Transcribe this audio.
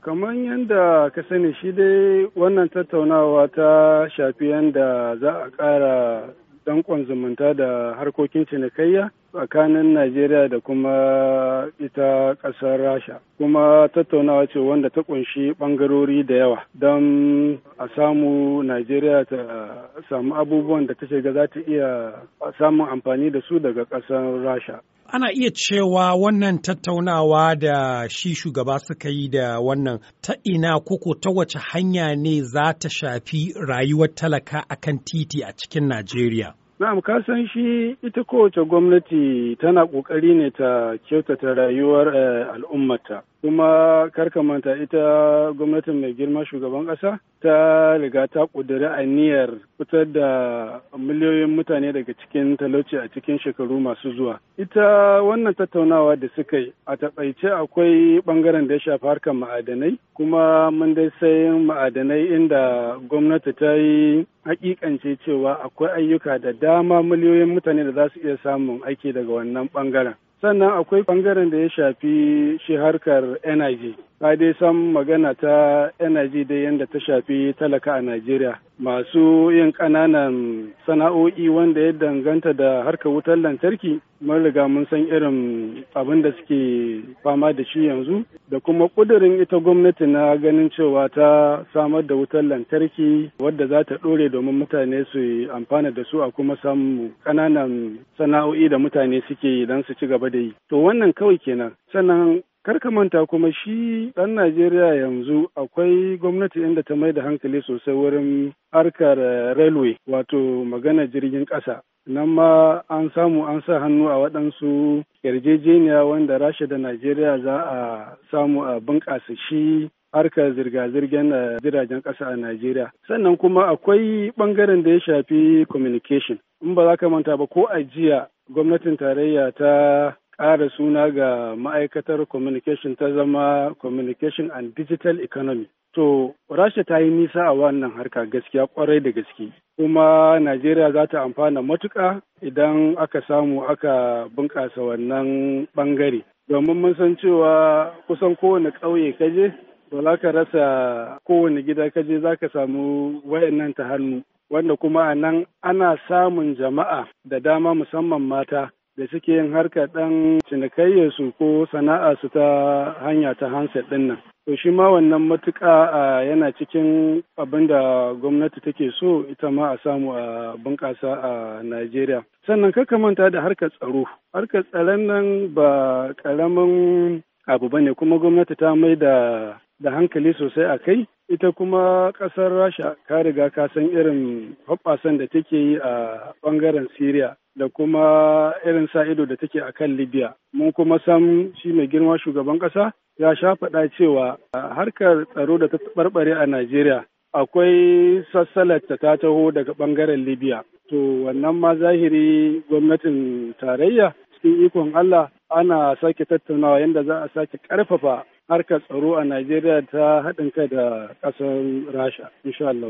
kamar yadda ka sani shi dai wannan tattaunawa ta shafi yadda za a ƙara sada zumunta da harkokin cinikayya tsakanin Najeriya da kuma ita ƙasar Rasha. Kuma tattaunawa ce wanda ta kunshi ɓangarori da yawa don a samu Najeriya ta samu abubuwan da ta shiga za ta iya samun amfani da su daga ƙasar Rasha. Ana iya cewa wannan tattaunawa da shi shugaba suka yi da wannan ta ina koko ta wace hanya ne za ta shafi rayuwar talaka akan titi a cikin Najeriya. Na'am ka san shi ita kowace gwamnati tana ƙoƙari ne ta kyautata rayuwar eh, al'ummata. kuma karka manta ita gwamnatin mai girma shugaban ƙasa ta riga ta ƙudiri aniyar fitar da miliyoyin mutane daga cikin talauci a cikin shekaru masu zuwa ita wannan tattaunawa da suka yi a taƙaice akwai ɓangaren da ya shafi harkar ma'adanai kuma mun dai sai ma'adanai inda gwamnati ta yi hakikance cewa akwai ayyuka da dama miliyoyin mutane da za su iya samun aiki daga wannan ɓangaren sannan akwai bangaren da ya shafi shi harkar energy na dai san magana ta energy dai yadda ta shafi talaka a Najeriya. Masu yin ƙananan sana'o'i wanda ya danganta da harka wutar lantarki, mun riga mun san irin abin da suke fama da shi yanzu, da kuma ƙudurin ita gwamnati na ganin cewa ta samar da wutar lantarki wadda za ta ɗore domin mutane su yi amfana da su a kuma samu ƙananan sana'o'i da mutane suke yi don su ci gaba da yi. To wannan kawai kenan. Sannan Kar ka manta kuma shi ɗan Najeriya yanzu akwai gwamnati inda ta mai da hankali sosai wurin harkar railway wato magana jirgin ƙasa. Nan ma an samu an sa hannu a waɗansu yarjejeniya wanda Rasha da Najeriya za a samu a bunƙasa shi harkar zirga-zirgar eh, jiragen ƙasa a Najeriya. Sannan kuma akwai ɓangaren da ya shafi communication. In ba za ka manta ba ko a jiya gwamnatin tarayya ta ƙara suna ga ma'aikatar communication ta zama communication and digital economy. To, Rasha ta yi nisa a wannan harka gaskiya kwarai da gaske, kuma Najeriya za ta amfana matuka idan aka samu aka bunƙasa wannan ɓangare. Domin mun san cewa kusan kowane ƙauye kaje, to za ka rasa kowane gida kaje za ka samu wayannan ta hannu, wanda kuma a nan ana samun jama'a da dama musamman mata. da suke yin harkar ɗan cinikayyarsu ko sana'a su ta hanya ta handset ɗin nan. To shi ma wannan matuƙa yana cikin abin da gwamnati take so ita ma a samu a bunƙasa a Najeriya. Sannan kaka manta da harkar tsaro. Harkar tsaron nan ba ƙaramin abu ba ne kuma gwamnati ta mai da hankali sosai a kai ita kuma ƙasar rasha ka riga ka san irin hoɓɓasan da take yi a ɓangaren Siriya? da kuma irin sa ido da take a kan Libya. Mun kuma san shi mai girma shugaban ƙasa ya sha faɗa cewa harkar tsaro da ta barbare a Najeriya akwai sassalar ta taho daga ɓangaren Libya. To wannan ma zahiri gwamnatin tarayya cikin ikon Allah ana sake tattaunawa yadda za a sake ƙarfafa harkar tsaro a Najeriya ta haɗin kai da ƙasar Rasha, insha Allah.